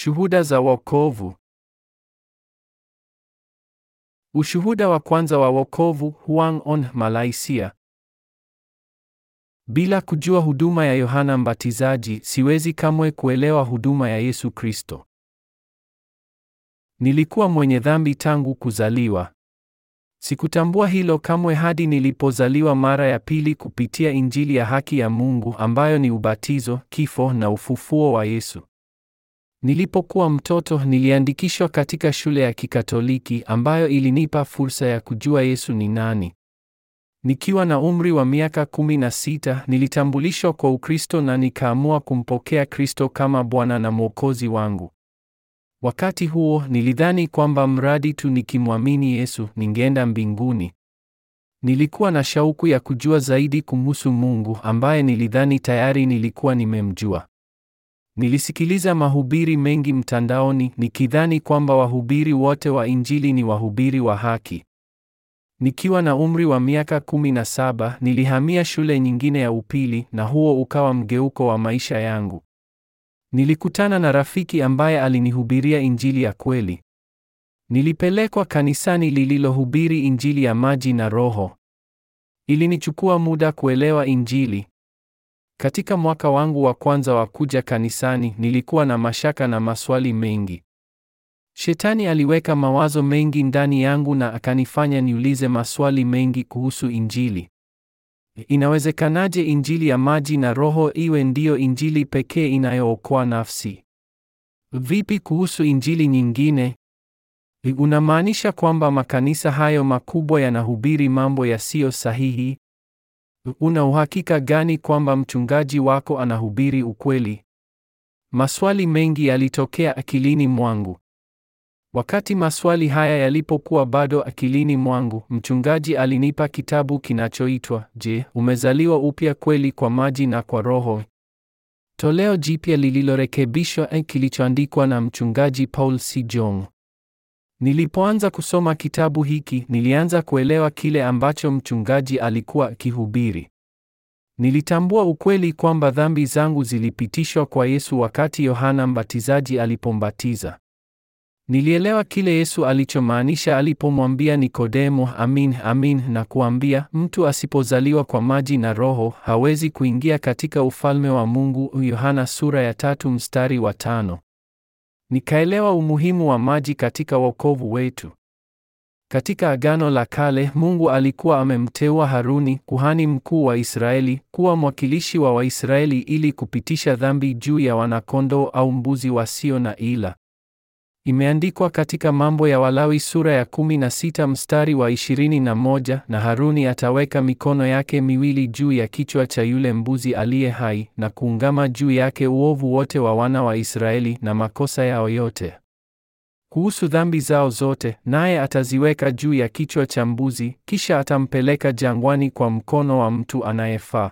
Shuhuda za wokovu. Ushuhuda wa kwanza wa wokovu Huang On, Malaysia. Bila kujua huduma ya Yohana Mbatizaji, siwezi kamwe kuelewa huduma ya Yesu Kristo. Nilikuwa mwenye dhambi tangu kuzaliwa. Sikutambua hilo kamwe hadi nilipozaliwa mara ya pili kupitia Injili ya haki ya Mungu ambayo ni ubatizo, kifo na ufufuo wa Yesu. Nilipokuwa mtoto niliandikishwa katika shule ya Kikatoliki ambayo ilinipa fursa ya kujua Yesu ni nani. Nikiwa na umri wa miaka 16 nilitambulishwa kwa Ukristo na nikaamua kumpokea Kristo kama Bwana na Mwokozi wangu. Wakati huo nilidhani kwamba mradi tu nikimwamini Yesu ningeenda mbinguni. Nilikuwa na shauku ya kujua zaidi kumhusu Mungu ambaye nilidhani tayari nilikuwa nimemjua. Nilisikiliza mahubiri mengi mtandaoni nikidhani kwamba wahubiri wote wa Injili ni wahubiri wa haki. Nikiwa na umri wa miaka kumi na saba nilihamia shule nyingine ya upili na huo ukawa mgeuko wa maisha yangu. Nilikutana na rafiki ambaye alinihubiria Injili ya kweli. Nilipelekwa kanisani lililohubiri Injili ya maji na Roho. Ilinichukua muda kuelewa Injili, katika mwaka wangu wa kwanza wa kuja kanisani, nilikuwa na mashaka na maswali mengi. Shetani aliweka mawazo mengi ndani yangu na akanifanya niulize maswali mengi kuhusu Injili. Inawezekanaje Injili ya maji na Roho iwe ndiyo Injili pekee inayookoa nafsi? Vipi kuhusu Injili nyingine? Unamaanisha kwamba makanisa hayo makubwa yanahubiri mambo yasiyo sahihi? Una uhakika gani kwamba mchungaji wako anahubiri ukweli? Maswali mengi yalitokea akilini mwangu. Wakati maswali haya yalipokuwa bado akilini mwangu, mchungaji alinipa kitabu kinachoitwa Je, umezaliwa upya kweli kwa maji na kwa Roho? Toleo jipya lililorekebishwa eh, kilichoandikwa na mchungaji Paul C. Jong. Nilipoanza kusoma kitabu hiki, nilianza kuelewa kile ambacho mchungaji alikuwa akihubiri. Nilitambua ukweli kwamba dhambi zangu zilipitishwa kwa Yesu wakati Yohana Mbatizaji alipombatiza. Nilielewa kile Yesu alichomaanisha alipomwambia Nikodemo, amin amin na kuambia, mtu asipozaliwa kwa maji na Roho hawezi kuingia katika ufalme wa Mungu. Yohana sura ya tatu mstari wa tano. Nikaelewa umuhimu wa maji katika wokovu wetu. Katika Agano la Kale, Mungu alikuwa amemteua Haruni, kuhani mkuu wa Israeli, kuwa mwakilishi wa Waisraeli ili kupitisha dhambi juu ya wanakondoo au mbuzi wasio na ila. Imeandikwa katika Mambo ya Walawi sura ya 16 mstari wa 21, na, na Haruni ataweka mikono yake miwili juu ya kichwa cha yule mbuzi aliye hai na kuungama juu yake uovu wote wa wana wa Israeli na makosa yao yote kuhusu dhambi zao zote, naye ataziweka juu ya kichwa cha mbuzi, kisha atampeleka jangwani kwa mkono wa mtu anayefaa.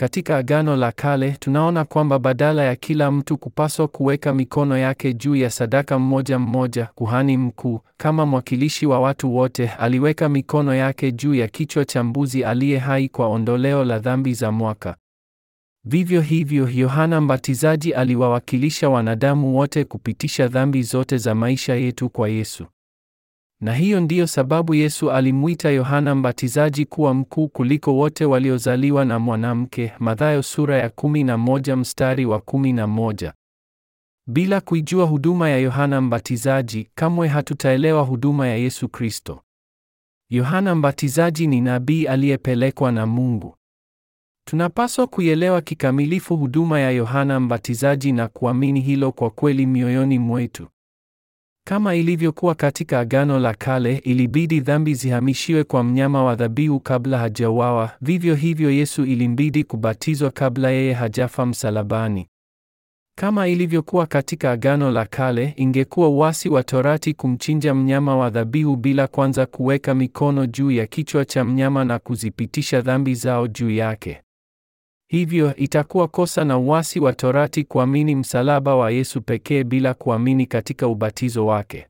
Katika Agano la Kale tunaona kwamba badala ya kila mtu kupaswa kuweka mikono yake juu ya sadaka mmoja mmoja, kuhani mkuu kama mwakilishi wa watu wote aliweka mikono yake juu ya kichwa cha mbuzi aliye hai kwa ondoleo la dhambi za mwaka. Vivyo hivyo, Yohana Mbatizaji aliwawakilisha wanadamu wote kupitisha dhambi zote za maisha yetu kwa Yesu. Na hiyo ndiyo sababu Yesu alimwita Yohana Mbatizaji kuwa mkuu kuliko wote waliozaliwa na mwanamke, Mathayo sura ya moja mstari wa 11. Bila kuijua huduma ya Yohana Mbatizaji, kamwe hatutaelewa huduma ya Yesu Kristo. Yohana Mbatizaji ni nabii aliyepelekwa na Mungu. Tunapaswa kuielewa kikamilifu huduma ya Yohana Mbatizaji na kuamini hilo kwa kweli mioyoni mwetu. Kama ilivyokuwa katika Agano la Kale, ilibidi dhambi zihamishiwe kwa mnyama wa dhabihu kabla hajawawa, vivyo hivyo Yesu ilimbidi kubatizwa kabla yeye hajafa msalabani. Kama ilivyokuwa katika Agano la Kale, ingekuwa uasi wa Torati kumchinja mnyama wa dhabihu bila kwanza kuweka mikono juu ya kichwa cha mnyama na kuzipitisha dhambi zao juu yake. Hivyo itakuwa kosa na uasi wa Torati kuamini msalaba wa Yesu pekee bila kuamini katika ubatizo wake.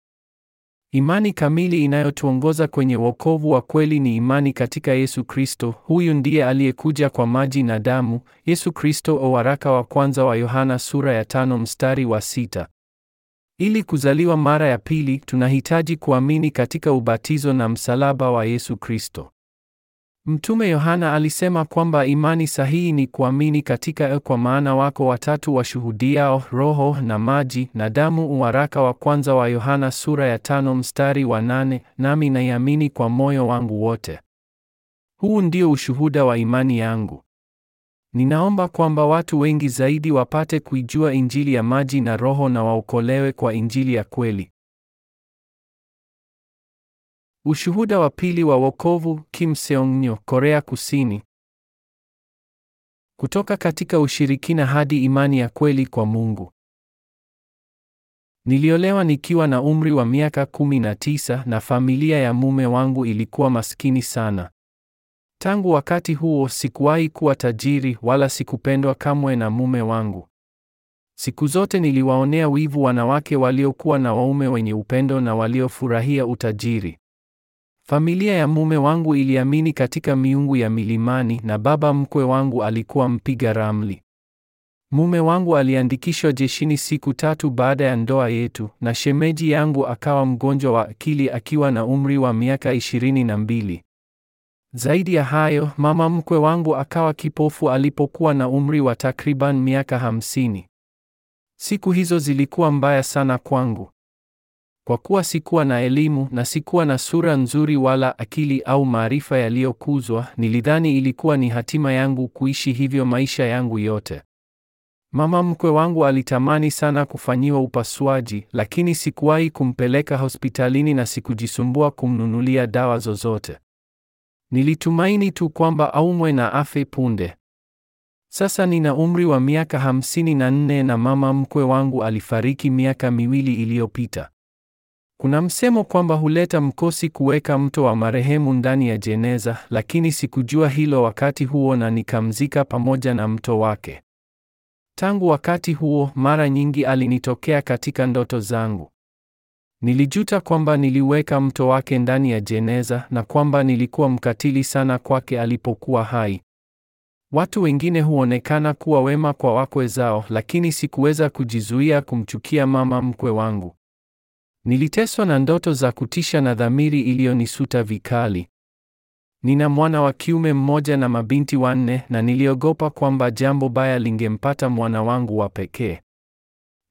Imani kamili inayotuongoza kwenye wokovu wa kweli ni imani katika Yesu Kristo. Huyu ndiye aliyekuja kwa maji na damu, Yesu Kristo. O, waraka wa kwanza wa Yohana sura ya tano mstari wa sita. Ili kuzaliwa mara ya pili, tunahitaji kuamini katika ubatizo na msalaba wa Yesu Kristo. Mtume Yohana alisema kwamba imani sahihi ni kuamini katika kwa maana wako watatu washuhudiao, oh, roho na maji na damu. Waraka wa kwanza wa Yohana sura ya tano mstari wa nane. Nami naiamini kwa moyo wangu wote. Huu ndio ushuhuda wa imani yangu. Ninaomba kwamba watu wengi zaidi wapate kuijua injili ya maji na roho na waokolewe kwa injili ya kweli. Ushuhuda wa pili wa wokovu Kim Seongnyo, Korea Kusini. Kutoka katika ushirikina hadi imani ya kweli kwa Mungu. Niliolewa nikiwa na umri wa miaka 19 na familia ya mume wangu ilikuwa maskini sana. Tangu wakati huo sikuwahi kuwa tajiri wala sikupendwa kamwe na mume wangu. Siku zote niliwaonea wivu wanawake waliokuwa na waume wenye upendo na waliofurahia utajiri. Familia ya mume wangu iliamini katika miungu ya milimani na baba mkwe wangu alikuwa mpiga ramli. Mume wangu aliandikishwa jeshini siku tatu baada ya ndoa yetu na shemeji yangu akawa mgonjwa wa akili akiwa na umri wa miaka ishirini na mbili. Zaidi ya hayo, mama mkwe wangu akawa kipofu alipokuwa na umri wa takriban miaka hamsini. Siku hizo zilikuwa mbaya sana kwangu. Kwa kuwa sikuwa na elimu na sikuwa na sura nzuri wala akili au maarifa yaliyokuzwa, nilidhani ilikuwa ni hatima yangu kuishi hivyo maisha yangu yote. Mama mkwe wangu alitamani sana kufanyiwa upasuaji, lakini sikuwahi kumpeleka hospitalini na sikujisumbua kumnunulia dawa zozote. Nilitumaini tu kwamba aumwe na afe punde. Sasa nina umri wa miaka hamsini na nne na mama mkwe wangu alifariki miaka miwili iliyopita. Kuna msemo kwamba huleta mkosi kuweka mto wa marehemu ndani ya jeneza, lakini sikujua hilo wakati huo na nikamzika pamoja na mto wake. Tangu wakati huo, mara nyingi alinitokea katika ndoto zangu. Nilijuta kwamba niliweka mto wake ndani ya jeneza na kwamba nilikuwa mkatili sana kwake alipokuwa hai. Watu wengine huonekana kuwa wema kwa wakwe zao, lakini sikuweza kujizuia kumchukia mama mkwe wangu. Niliteswa na ndoto za kutisha na dhamiri iliyonisuta vikali. Nina mwana wa kiume mmoja na mabinti wanne, na niliogopa kwamba jambo baya lingempata mwana wangu wa pekee.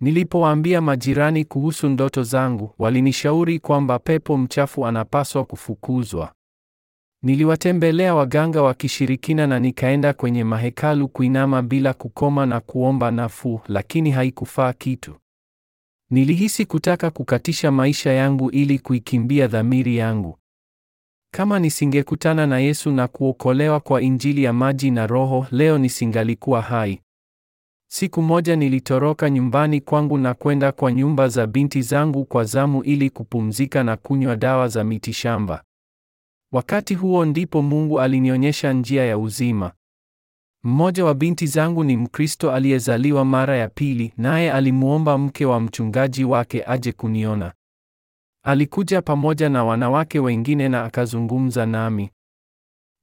Nilipowaambia majirani kuhusu ndoto zangu, walinishauri kwamba pepo mchafu anapaswa kufukuzwa. Niliwatembelea waganga wa kishirikina na nikaenda kwenye mahekalu kuinama bila kukoma na kuomba nafuu, lakini haikufaa kitu. Nilihisi kutaka kukatisha maisha yangu ili kuikimbia dhamiri yangu. Kama nisingekutana na Yesu na kuokolewa kwa Injili ya maji na Roho, leo nisingalikuwa hai. Siku moja nilitoroka nyumbani kwangu na kwenda kwa nyumba za binti zangu kwa zamu ili kupumzika na kunywa dawa za mitishamba. Wakati huo ndipo Mungu alinionyesha njia ya uzima. Mmoja wa binti zangu ni Mkristo aliyezaliwa mara ya pili, naye alimwomba mke wa mchungaji wake aje kuniona. Alikuja pamoja na wanawake wengine na akazungumza nami.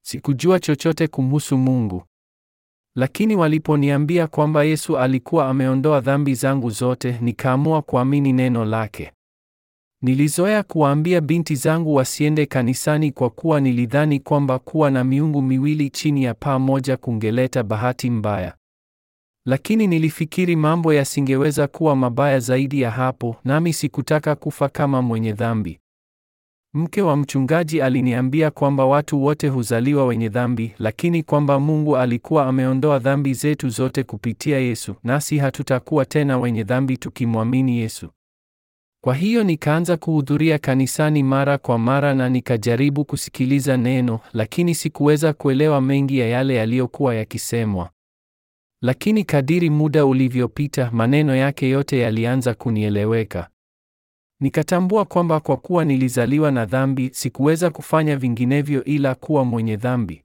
Sikujua chochote kumhusu Mungu. Lakini waliponiambia kwamba Yesu alikuwa ameondoa dhambi zangu zote, nikaamua kuamini neno lake. Nilizoea kuwaambia binti zangu wasiende kanisani kwa kuwa nilidhani kwamba kuwa na miungu miwili chini ya paa moja kungeleta bahati mbaya. Lakini nilifikiri mambo yasingeweza kuwa mabaya zaidi ya hapo, nami sikutaka kufa kama mwenye dhambi. Mke wa mchungaji aliniambia kwamba watu wote huzaliwa wenye dhambi, lakini kwamba Mungu alikuwa ameondoa dhambi zetu zote kupitia Yesu, nasi hatutakuwa tena wenye dhambi tukimwamini Yesu. Kwa hiyo nikaanza kuhudhuria kanisani mara kwa mara na nikajaribu kusikiliza neno, lakini sikuweza kuelewa mengi ya yale yaliyokuwa yakisemwa. Lakini kadiri muda ulivyopita, maneno yake yote yalianza kunieleweka. Nikatambua kwamba kwa kuwa nilizaliwa na dhambi, sikuweza kufanya vinginevyo ila kuwa mwenye dhambi.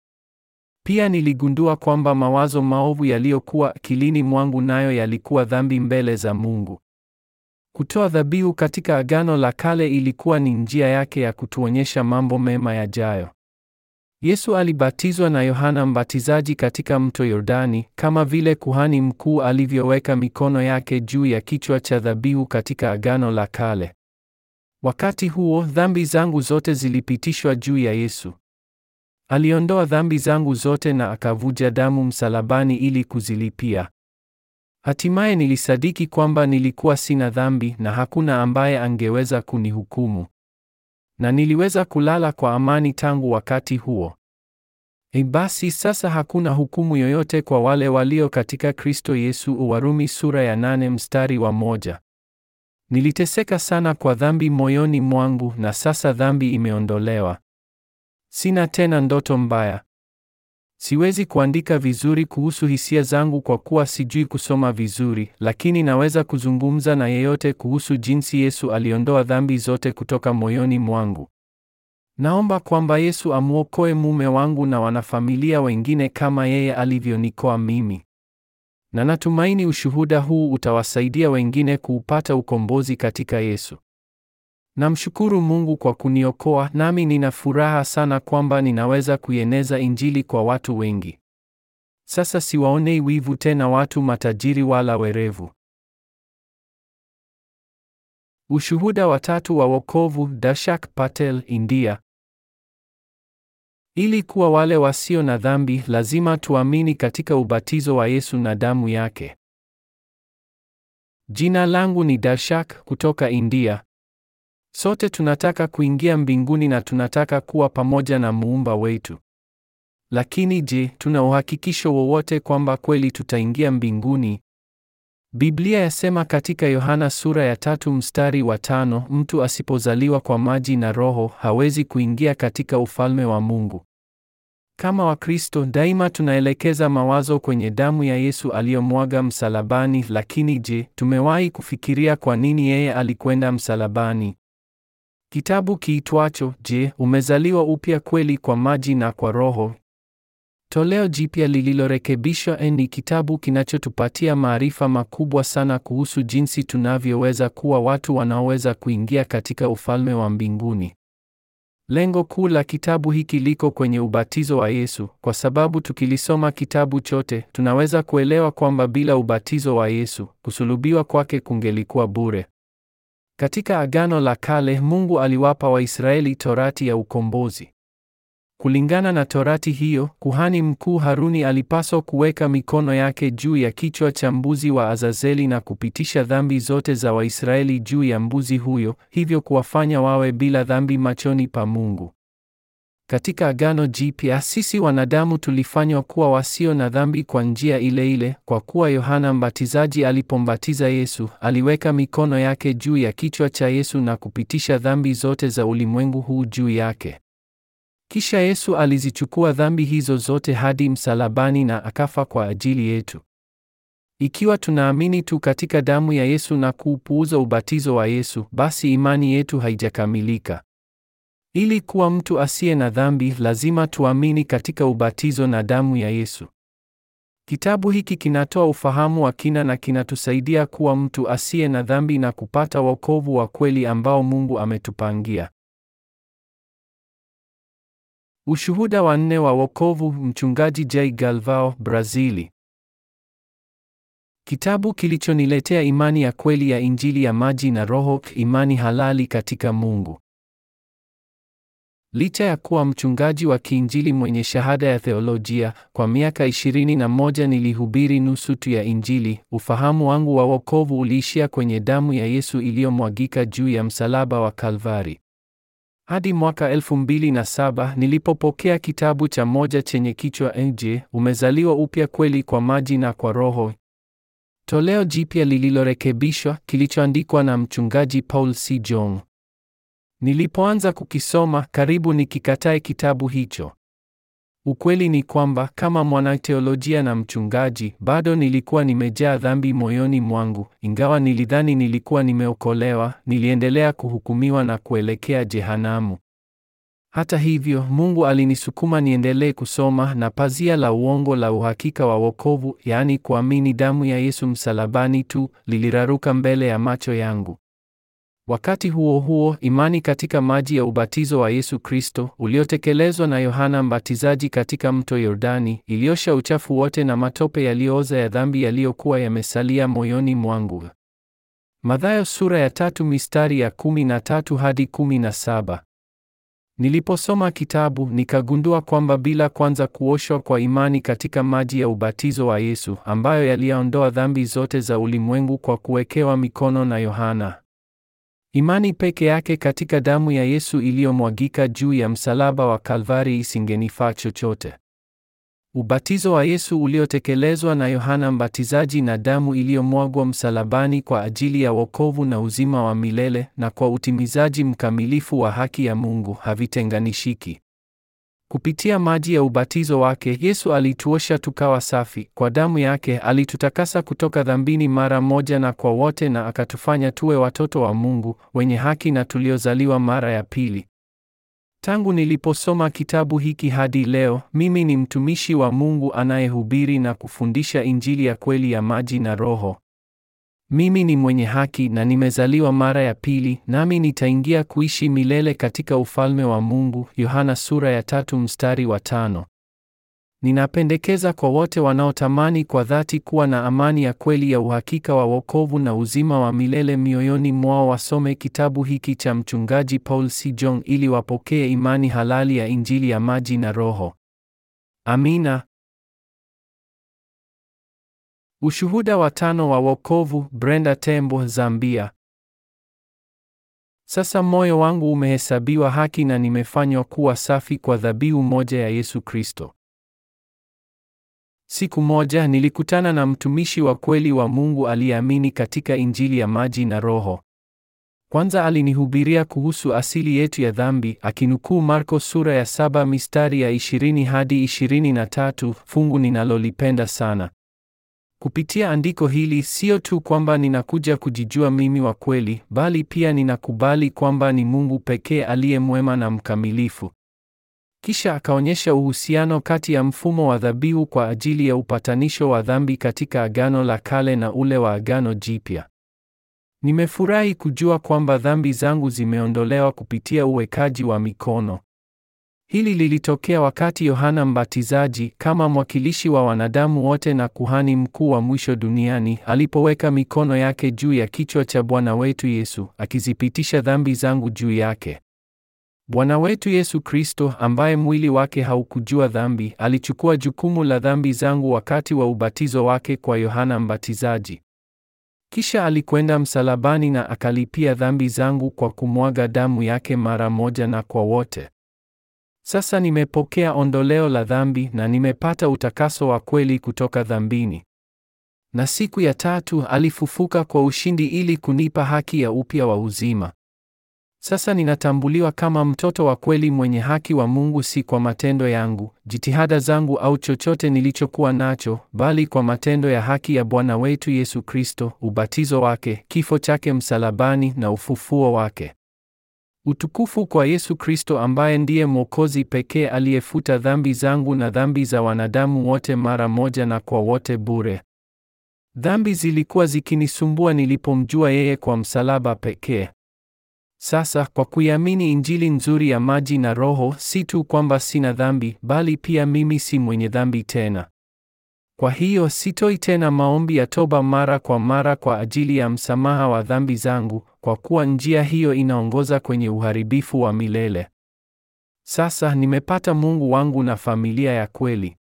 Pia niligundua kwamba mawazo maovu yaliyokuwa akilini mwangu nayo yalikuwa dhambi mbele za Mungu. Kutoa dhabihu katika Agano la Kale ilikuwa ni njia yake ya kutuonyesha mambo mema yajayo. Yesu alibatizwa na Yohana Mbatizaji katika mto Yordani, kama vile kuhani mkuu alivyoweka mikono yake juu ya kichwa cha dhabihu katika Agano la Kale. Wakati huo, dhambi zangu zote zilipitishwa juu ya Yesu. Aliondoa dhambi zangu zote na akavuja damu msalabani ili kuzilipia. Hatimaye nilisadiki kwamba nilikuwa sina dhambi na hakuna ambaye angeweza kunihukumu. Na niliweza kulala kwa amani tangu wakati huo. E, basi sasa hakuna hukumu yoyote kwa wale walio katika Kristo Yesu. Warumi sura ya nane mstari wa moja. Niliteseka sana kwa dhambi moyoni mwangu na sasa dhambi imeondolewa. Sina tena ndoto mbaya. Siwezi kuandika vizuri kuhusu hisia zangu kwa kuwa sijui kusoma vizuri, lakini naweza kuzungumza na yeyote kuhusu jinsi Yesu aliondoa dhambi zote kutoka moyoni mwangu. Naomba kwamba Yesu amwokoe mume wangu na wanafamilia wengine kama yeye alivyonikoa mimi. Na natumaini ushuhuda huu utawasaidia wengine kuupata ukombozi katika Yesu. Namshukuru Mungu kwa kuniokoa, nami nina furaha sana kwamba ninaweza kuieneza Injili kwa watu wengi. Sasa siwaonei wivu tena watu matajiri wala werevu. Ushuhuda wa tatu wa wokovu, Dashak Patel, India. Ili kuwa wale wasio na dhambi, lazima tuamini katika ubatizo wa Yesu na damu yake. Jina langu ni Dashak kutoka India. Sote tunataka kuingia mbinguni na tunataka kuwa pamoja na muumba wetu. Lakini je, tuna uhakikisho wowote kwamba kweli tutaingia mbinguni? Biblia yasema katika Yohana sura ya tatu mstari wa tano, mtu asipozaliwa kwa maji na Roho hawezi kuingia katika ufalme wa Mungu. Kama Wakristo daima tunaelekeza mawazo kwenye damu ya Yesu aliyomwaga msalabani, lakini je, tumewahi kufikiria kwa nini yeye alikwenda msalabani? Kitabu kiitwacho Je, umezaliwa upya kweli kwa maji na kwa Roho? Toleo jipya lililorekebishwa. Ni kitabu kinachotupatia maarifa makubwa sana kuhusu jinsi tunavyoweza kuwa watu wanaoweza kuingia katika ufalme wa mbinguni. Lengo kuu la kitabu hiki liko kwenye ubatizo wa Yesu, kwa sababu tukilisoma kitabu chote, tunaweza kuelewa kwamba bila ubatizo wa Yesu, kusulubiwa kwake kungelikuwa bure. Katika Agano la Kale, Mungu aliwapa Waisraeli torati ya ukombozi. Kulingana na torati hiyo, kuhani mkuu Haruni alipaswa kuweka mikono yake juu ya kichwa cha mbuzi wa Azazeli na kupitisha dhambi zote za Waisraeli juu ya mbuzi huyo, hivyo kuwafanya wawe bila dhambi machoni pa Mungu. Katika Agano Jipya sisi wanadamu tulifanywa kuwa wasio na dhambi kwa njia ile ile, kwa kuwa Yohana Mbatizaji alipombatiza Yesu, aliweka mikono yake juu ya kichwa cha Yesu na kupitisha dhambi zote za ulimwengu huu juu yake. Kisha Yesu alizichukua dhambi hizo zote hadi msalabani na akafa kwa ajili yetu. Ikiwa tunaamini tu katika damu ya Yesu na kuupuuza ubatizo wa Yesu, basi imani yetu haijakamilika. Ili kuwa mtu asiye na dhambi lazima tuamini katika ubatizo na damu ya Yesu. Kitabu hiki kinatoa ufahamu wa kina na kinatusaidia kuwa mtu asiye na dhambi na kupata wokovu wa kweli ambao Mungu ametupangia. Ushuhuda wa nne wa wokovu, mchungaji J Galvao, Brazili. Kitabu kilichoniletea imani ya kweli ya Injili ya maji na Roho, imani halali katika Mungu. Licha ya kuwa mchungaji wa kiinjili mwenye shahada ya theolojia, kwa miaka 21 nilihubiri nusu tu ya Injili. Ufahamu wangu wa wokovu uliishia kwenye damu ya Yesu iliyomwagika juu ya msalaba wa Kalvari. Hadi mwaka 2007 nilipopokea kitabu cha moja chenye kichwa Nje, umezaliwa upya kweli kwa maji na kwa Roho. Toleo jipya lililorekebishwa kilichoandikwa na mchungaji Paul C. Jong. Nilipoanza kukisoma, karibu nikikatae kitabu hicho. Ukweli ni kwamba kama mwanateolojia na mchungaji, bado nilikuwa nimejaa dhambi moyoni mwangu. Ingawa nilidhani nilikuwa nimeokolewa, niliendelea kuhukumiwa na kuelekea jehanamu. Hata hivyo, Mungu alinisukuma niendelee kusoma, na pazia la uongo la uhakika wa wokovu, yaani kuamini damu ya Yesu msalabani tu, liliraruka mbele ya macho yangu. Wakati huo huo, imani katika maji ya ubatizo wa Yesu Kristo uliotekelezwa na Yohana Mbatizaji katika mto Yordani iliosha uchafu wote na matope yaliyooza ya dhambi yaliyokuwa yamesalia moyoni mwangu. Mathayo sura ya tatu mistari ya kumi na tatu hadi kumi na saba. Niliposoma kitabu nikagundua kwamba bila kwanza kuoshwa kwa imani katika maji ya ubatizo wa Yesu ambayo yaliyaondoa dhambi zote za ulimwengu kwa kuwekewa mikono na Yohana Imani peke yake katika damu ya Yesu iliyomwagika juu ya msalaba wa Kalvari isingenifaa chochote. Ubatizo wa Yesu uliotekelezwa na Yohana Mbatizaji na damu iliyomwagwa msalabani kwa ajili ya wokovu na uzima wa milele na kwa utimizaji mkamilifu wa haki ya Mungu havitenganishiki. Kupitia maji ya ubatizo wake Yesu alituosha tukawa safi. Kwa damu yake alitutakasa kutoka dhambini mara moja na kwa wote, na akatufanya tuwe watoto wa Mungu wenye haki na tuliozaliwa mara ya pili. Tangu niliposoma kitabu hiki hadi leo, mimi ni mtumishi wa Mungu anayehubiri na kufundisha Injili ya kweli ya maji na Roho. Mimi ni mwenye haki na nimezaliwa mara ya pili, nami nitaingia kuishi milele katika ufalme wa Mungu. Yohana sura ya tatu mstari wa tano. Ninapendekeza kwa wote wanaotamani kwa dhati kuwa na amani ya kweli ya uhakika wa wokovu na uzima wa milele mioyoni mwao wasome kitabu hiki cha mchungaji Paul C. Jong ili wapokee imani halali ya Injili ya maji na Roho. Amina. Ushuhuda wa tano wa wokovu, Brenda Tembo, Zambia. Sasa moyo wangu umehesabiwa haki na nimefanywa kuwa safi kwa dhabihu moja ya Yesu Kristo. Siku moja nilikutana na mtumishi wa kweli wa Mungu aliyeamini katika Injili ya maji na Roho. Kwanza alinihubiria kuhusu asili yetu ya dhambi, akinukuu Marko sura ya saba mistari ya 20 hadi 23, fungu ninalolipenda sana. Kupitia andiko hili, sio tu kwamba ninakuja kujijua mimi wa kweli, bali pia ninakubali kwamba ni Mungu pekee aliye mwema na mkamilifu. Kisha akaonyesha uhusiano kati ya mfumo wa dhabihu kwa ajili ya upatanisho wa dhambi katika Agano la Kale na ule wa Agano Jipya. Nimefurahi kujua kwamba dhambi zangu zimeondolewa kupitia uwekaji wa mikono. Hili lilitokea wakati Yohana Mbatizaji, kama mwakilishi wa wanadamu wote na kuhani mkuu wa mwisho duniani, alipoweka mikono yake juu ya kichwa cha Bwana wetu Yesu, akizipitisha dhambi zangu juu yake. Bwana wetu Yesu Kristo, ambaye mwili wake haukujua dhambi, alichukua jukumu la dhambi zangu wakati wa ubatizo wake kwa Yohana Mbatizaji. Kisha alikwenda msalabani na akalipia dhambi zangu kwa kumwaga damu yake mara moja na kwa wote. Sasa nimepokea ondoleo la dhambi na nimepata utakaso wa kweli kutoka dhambini. Na siku ya tatu alifufuka kwa ushindi ili kunipa haki ya upya wa uzima. Sasa ninatambuliwa kama mtoto wa kweli mwenye haki wa Mungu, si kwa matendo yangu, jitihada zangu au chochote nilichokuwa nacho, bali kwa matendo ya haki ya Bwana wetu Yesu Kristo, ubatizo wake, kifo chake msalabani na ufufuo wake. Utukufu kwa Yesu Kristo ambaye ndiye Mwokozi pekee aliyefuta dhambi zangu na dhambi za wanadamu wote mara moja na kwa wote bure. Dhambi zilikuwa zikinisumbua nilipomjua yeye kwa msalaba pekee. Sasa kwa kuiamini Injili nzuri ya maji na Roho, si tu kwamba sina dhambi, bali pia mimi si mwenye dhambi tena. Kwa hiyo sitoi tena maombi ya toba mara kwa mara kwa ajili ya msamaha wa dhambi zangu, kwa kuwa njia hiyo inaongoza kwenye uharibifu wa milele. Sasa nimepata Mungu wangu na familia ya kweli.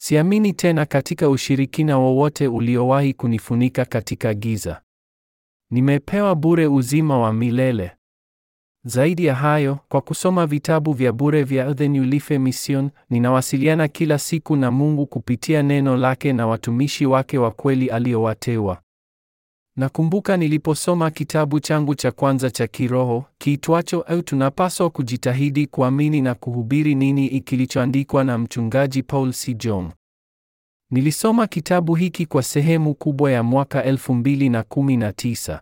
Siamini tena katika ushirikina wowote uliowahi kunifunika katika giza. Nimepewa bure uzima wa milele. Zaidi ya hayo, kwa kusoma vitabu vya bure vya The New Life Mission, ninawasiliana kila siku na Mungu kupitia neno lake na watumishi wake wa kweli aliowateua. Nakumbuka niliposoma kitabu changu cha kwanza cha kiroho kiitwacho au tunapaswa kujitahidi kuamini na kuhubiri nini, kilichoandikwa na mchungaji Paul C. Jong. Nilisoma kitabu hiki kwa sehemu kubwa ya mwaka 2019.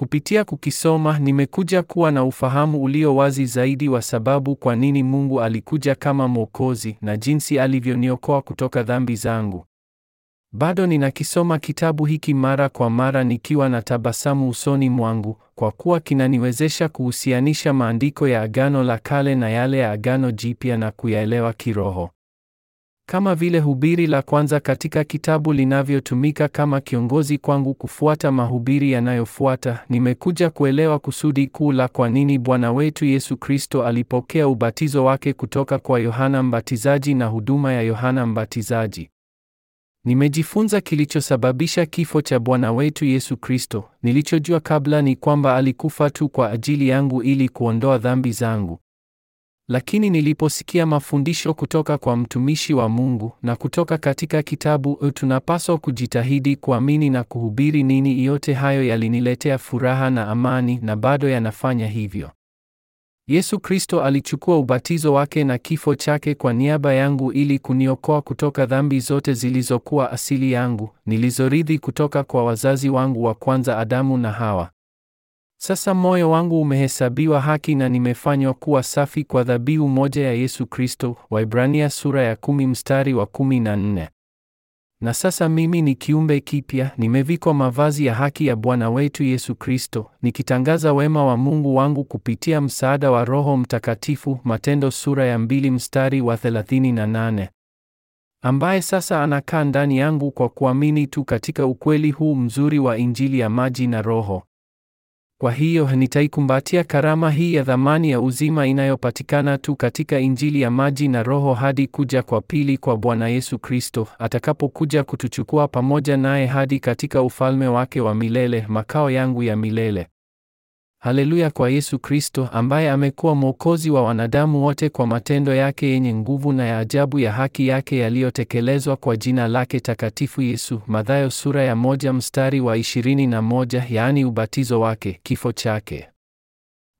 Kupitia kukisoma nimekuja kuwa na ufahamu ulio wazi zaidi wa sababu kwa nini Mungu alikuja kama Mwokozi na jinsi alivyoniokoa kutoka dhambi zangu. Bado ninakisoma kitabu hiki mara kwa mara nikiwa na tabasamu usoni mwangu kwa kuwa kinaniwezesha kuhusianisha maandiko ya Agano la Kale na yale ya Agano Jipya na kuyaelewa kiroho kama vile hubiri la kwanza katika kitabu linavyotumika kama kiongozi kwangu kufuata mahubiri yanayofuata, nimekuja kuelewa kusudi kuu la kwa nini Bwana wetu Yesu Kristo alipokea ubatizo wake kutoka kwa Yohana Mbatizaji na huduma ya Yohana Mbatizaji. Nimejifunza kilichosababisha kifo cha Bwana wetu Yesu Kristo. Nilichojua kabla ni kwamba alikufa tu kwa ajili yangu ili kuondoa dhambi zangu. Lakini niliposikia mafundisho kutoka kwa mtumishi wa Mungu na kutoka katika kitabu eh, tunapaswa kujitahidi kuamini na kuhubiri nini, yote hayo yaliniletea furaha na amani na bado yanafanya hivyo. Yesu Kristo alichukua ubatizo wake na kifo chake kwa niaba yangu ili kuniokoa kutoka dhambi zote zilizokuwa asili yangu, nilizorithi kutoka kwa wazazi wangu wa kwanza Adamu na Hawa. Sasa moyo wangu umehesabiwa haki na nimefanywa kuwa safi kwa dhabihu moja ya Yesu Kristo, Waibrania sura ya kumi mstari wa kumi na nne. Na sasa mimi ni kiumbe kipya, nimevikwa mavazi ya haki ya Bwana wetu Yesu Kristo, nikitangaza wema wa Mungu wangu kupitia msaada wa Roho Mtakatifu, Matendo sura ya mbili mstari wa 38, ambaye sasa anakaa ndani yangu kwa kuamini tu katika ukweli huu mzuri wa Injili ya maji na Roho. Kwa hiyo nitaikumbatia karama hii ya dhamani ya uzima inayopatikana tu katika Injili ya maji na Roho hadi kuja kwa pili kwa Bwana Yesu Kristo atakapokuja kutuchukua pamoja naye hadi katika ufalme wake wa milele, makao yangu ya milele. Haleluya kwa Yesu Kristo ambaye amekuwa mwokozi wa wanadamu wote kwa matendo yake yenye nguvu na ya ajabu ya haki yake yaliyotekelezwa kwa jina lake takatifu Yesu. Mathayo sura ya moja mstari wa 21, yaani ubatizo wake, kifo chake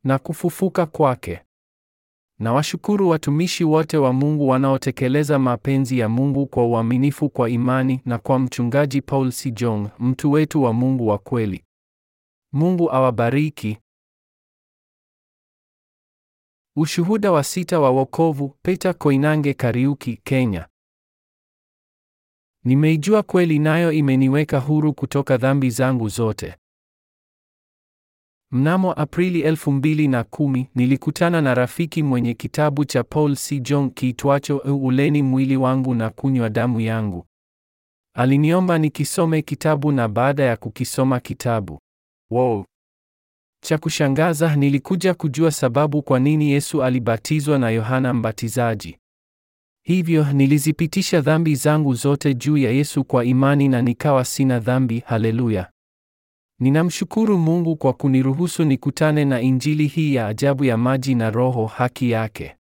na kufufuka kwake. Na washukuru watumishi wote wa Mungu wanaotekeleza mapenzi ya Mungu kwa uaminifu kwa imani na kwa mchungaji Paul Sijong, mtu wetu wa Mungu wa kweli. Mungu awabariki. Ushuhuda wa sita wa wokovu, Peter Koinange Kariuki, Kenya. Nimeijua kweli nayo imeniweka huru kutoka dhambi zangu zote. Mnamo Aprili 2010 nilikutana na rafiki mwenye kitabu cha Paul C. Jong kiitwacho Uleni Mwili Wangu na Kunywa Damu Yangu. Aliniomba nikisome kitabu na baada ya kukisoma kitabu wow, cha kushangaza, nilikuja kujua sababu kwa nini Yesu alibatizwa na Yohana Mbatizaji. Hivyo nilizipitisha dhambi zangu zote juu ya Yesu kwa imani na nikawa sina dhambi. Haleluya. Ninamshukuru Mungu kwa kuniruhusu nikutane na injili hii ya ajabu ya maji na Roho, haki yake.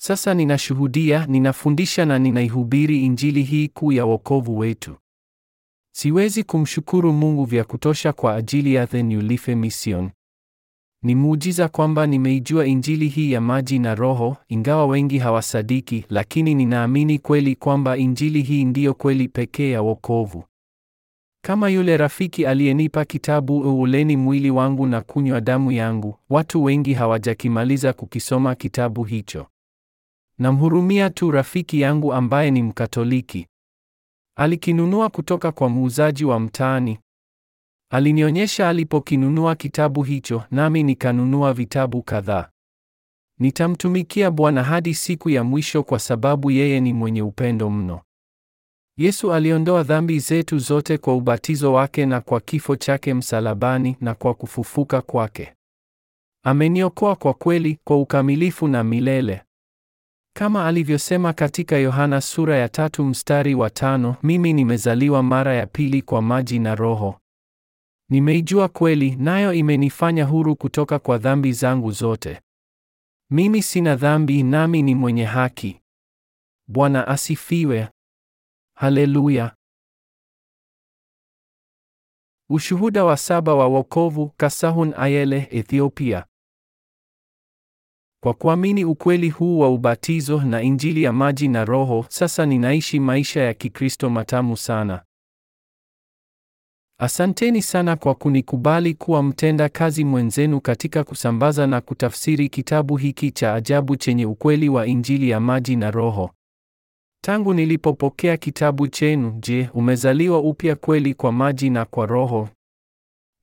Sasa ninashuhudia, ninafundisha na ninaihubiri injili hii kuu ya wokovu wetu. Siwezi kumshukuru Mungu vya kutosha kwa ajili ya The New Life Mission. Ni muujiza kwamba nimeijua Injili hii ya maji na Roho, ingawa wengi hawasadiki, lakini ninaamini kweli kwamba Injili hii ndiyo kweli pekee ya wokovu. Kama yule rafiki aliyenipa kitabu uuleni mwili wangu na kunywa damu yangu, watu wengi hawajakimaliza kukisoma kitabu hicho. Namhurumia tu rafiki yangu ambaye ni Mkatoliki. Alikinunua kutoka kwa muuzaji wa mtaani. Alinionyesha alipokinunua kitabu hicho, nami nikanunua vitabu kadhaa. Nitamtumikia Bwana hadi siku ya mwisho kwa sababu yeye ni mwenye upendo mno. Yesu aliondoa dhambi zetu zote kwa ubatizo wake na kwa kifo chake msalabani na kwa kufufuka kwake. Ameniokoa kwa kweli, kwa ukamilifu na milele. Kama alivyosema katika Yohana sura ya tatu mstari wa tano, mimi nimezaliwa mara ya pili kwa maji na Roho. Nimeijua kweli, nayo imenifanya huru kutoka kwa dhambi zangu zote. Mimi sina dhambi, nami ni mwenye haki. Bwana asifiwe. Haleluya. Ushuhuda wa saba wa wokovu, Kasahun Ayele, Ethiopia. Kwa kuamini ukweli huu wa ubatizo na Injili ya maji na Roho, sasa ninaishi maisha ya Kikristo matamu sana. Asanteni sana kwa kunikubali kuwa mtenda kazi mwenzenu katika kusambaza na kutafsiri kitabu hiki cha ajabu chenye ukweli wa Injili ya maji na Roho. Tangu nilipopokea kitabu chenu, je, umezaliwa upya kweli kwa maji na kwa Roho?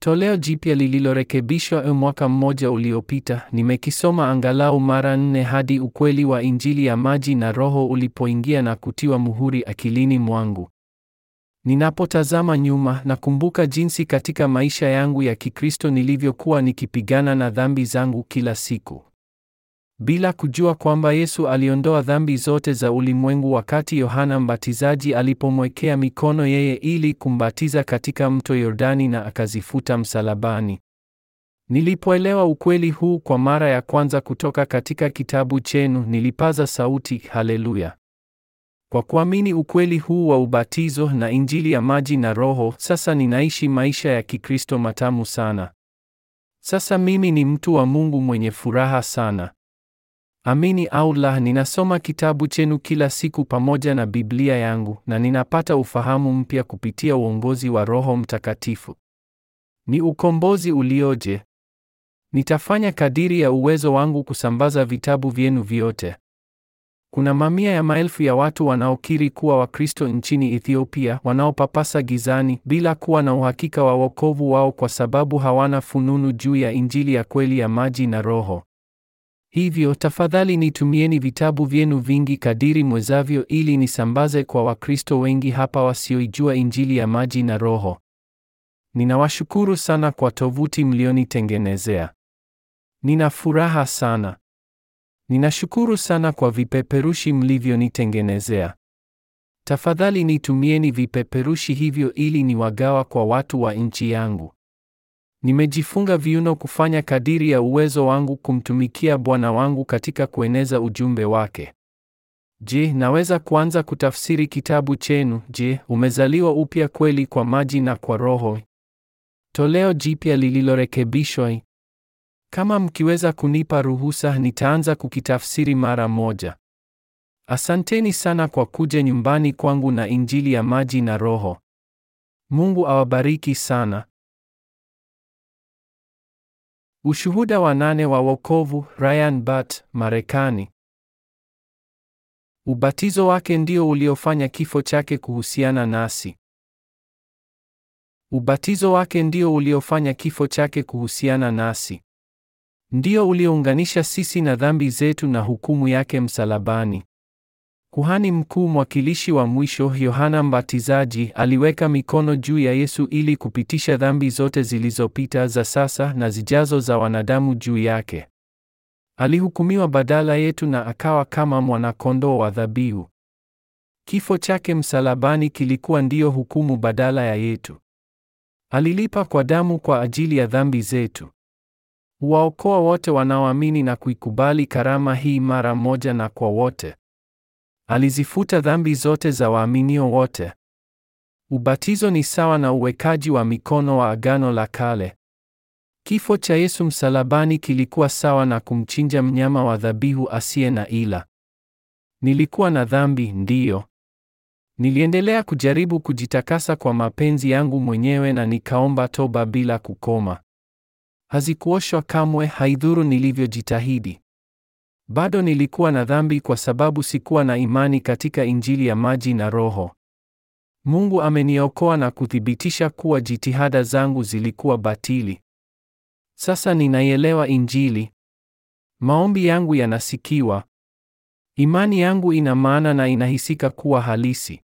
Toleo jipya lililorekebishwa e mwaka mmoja uliopita, nimekisoma angalau mara nne hadi ukweli wa Injili ya maji na Roho ulipoingia na kutiwa muhuri akilini mwangu. Ninapotazama nyuma, nakumbuka jinsi katika maisha yangu ya Kikristo nilivyokuwa nikipigana na dhambi zangu kila siku bila kujua kwamba Yesu aliondoa dhambi zote za ulimwengu wakati Yohana Mbatizaji alipomwekea mikono yeye ili kumbatiza katika mto Yordani na akazifuta msalabani. Nilipoelewa ukweli huu kwa mara ya kwanza kutoka katika kitabu chenu, nilipaza sauti haleluya. Kwa kuamini ukweli huu wa ubatizo na injili ya maji na Roho, sasa ninaishi maisha ya Kikristo matamu sana. Sasa mimi ni mtu wa Mungu mwenye furaha sana. Amini au la, ninasoma kitabu chenu kila siku pamoja na Biblia yangu na ninapata ufahamu mpya kupitia uongozi wa Roho Mtakatifu. Ni ukombozi ulioje! Nitafanya kadiri ya uwezo wangu kusambaza vitabu vyenu vyote. Kuna mamia ya maelfu ya watu wanaokiri kuwa Wakristo nchini Ethiopia wanaopapasa gizani bila kuwa na uhakika wa wokovu wao kwa sababu hawana fununu juu ya Injili ya kweli ya maji na Roho. Hivyo tafadhali nitumieni vitabu vyenu vingi kadiri mwezavyo ili nisambaze kwa Wakristo wengi hapa wasioijua Injili ya maji na Roho. Ninawashukuru sana kwa tovuti mlionitengenezea. Nina furaha sana. Ninashukuru sana kwa vipeperushi mlivyonitengenezea. Tafadhali nitumieni vipeperushi hivyo ili niwagawa kwa watu wa nchi yangu. Nimejifunga viuno kufanya kadiri ya uwezo wangu kumtumikia Bwana wangu katika kueneza ujumbe wake. Je, naweza kuanza kutafsiri kitabu chenu? Je, umezaliwa upya kweli kwa maji na kwa Roho? Toleo jipya lililorekebishwa. Kama mkiweza kunipa ruhusa, nitaanza kukitafsiri mara moja. Asanteni sana kwa kuja nyumbani kwangu na Injili ya maji na Roho. Mungu awabariki sana. Ushuhuda wa nane wa wokovu, Ryan Butt, Marekani. Ubatizo wake ndio uliofanya kifo chake kuhusiana nasi. Ubatizo wake ndio uliofanya kifo chake kuhusiana nasi. Ndio uliounganisha sisi na dhambi zetu na hukumu yake msalabani. Kuhani mkuu mwakilishi wa mwisho Yohana Mbatizaji aliweka mikono juu ya Yesu ili kupitisha dhambi zote zilizopita za sasa na zijazo za wanadamu juu yake. Alihukumiwa badala yetu na akawa kama mwanakondoo wa dhabihu. Kifo chake msalabani kilikuwa ndiyo hukumu badala ya yetu. Alilipa kwa damu kwa ajili ya dhambi zetu. Waokoa wote wanaoamini na kuikubali karama hii mara moja na kwa wote. Alizifuta dhambi zote za waaminio wote. Ubatizo ni sawa na uwekaji wa mikono wa Agano la Kale. Kifo cha Yesu msalabani kilikuwa sawa na kumchinja mnyama wa dhabihu asiye na ila. Nilikuwa na dhambi, ndiyo. Niliendelea kujaribu kujitakasa kwa mapenzi yangu mwenyewe na nikaomba toba bila kukoma. Hazikuoshwa kamwe, haidhuru nilivyojitahidi. Bado nilikuwa na dhambi kwa sababu sikuwa na imani katika Injili ya maji na Roho. Mungu ameniokoa na kuthibitisha kuwa jitihada zangu zilikuwa batili. Sasa ninaielewa Injili. Maombi yangu yanasikiwa. Imani yangu ina maana na inahisika kuwa halisi.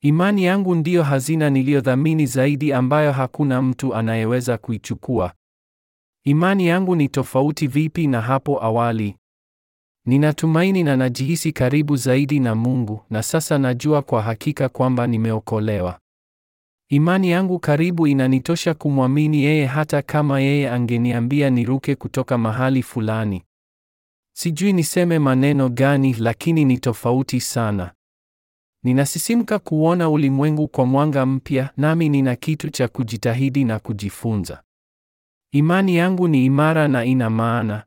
Imani yangu ndiyo hazina niliyodhamini zaidi ambayo hakuna mtu anayeweza kuichukua. Imani yangu ni tofauti vipi na hapo awali? Ninatumaini na najihisi karibu zaidi na Mungu na sasa najua kwa hakika kwamba nimeokolewa. Imani yangu karibu inanitosha kumwamini yeye hata kama yeye angeniambia niruke kutoka mahali fulani. Sijui niseme maneno gani lakini ni tofauti sana. Ninasisimka kuona ulimwengu kwa mwanga mpya nami nina kitu cha kujitahidi na kujifunza. Imani yangu ni imara na ina maana.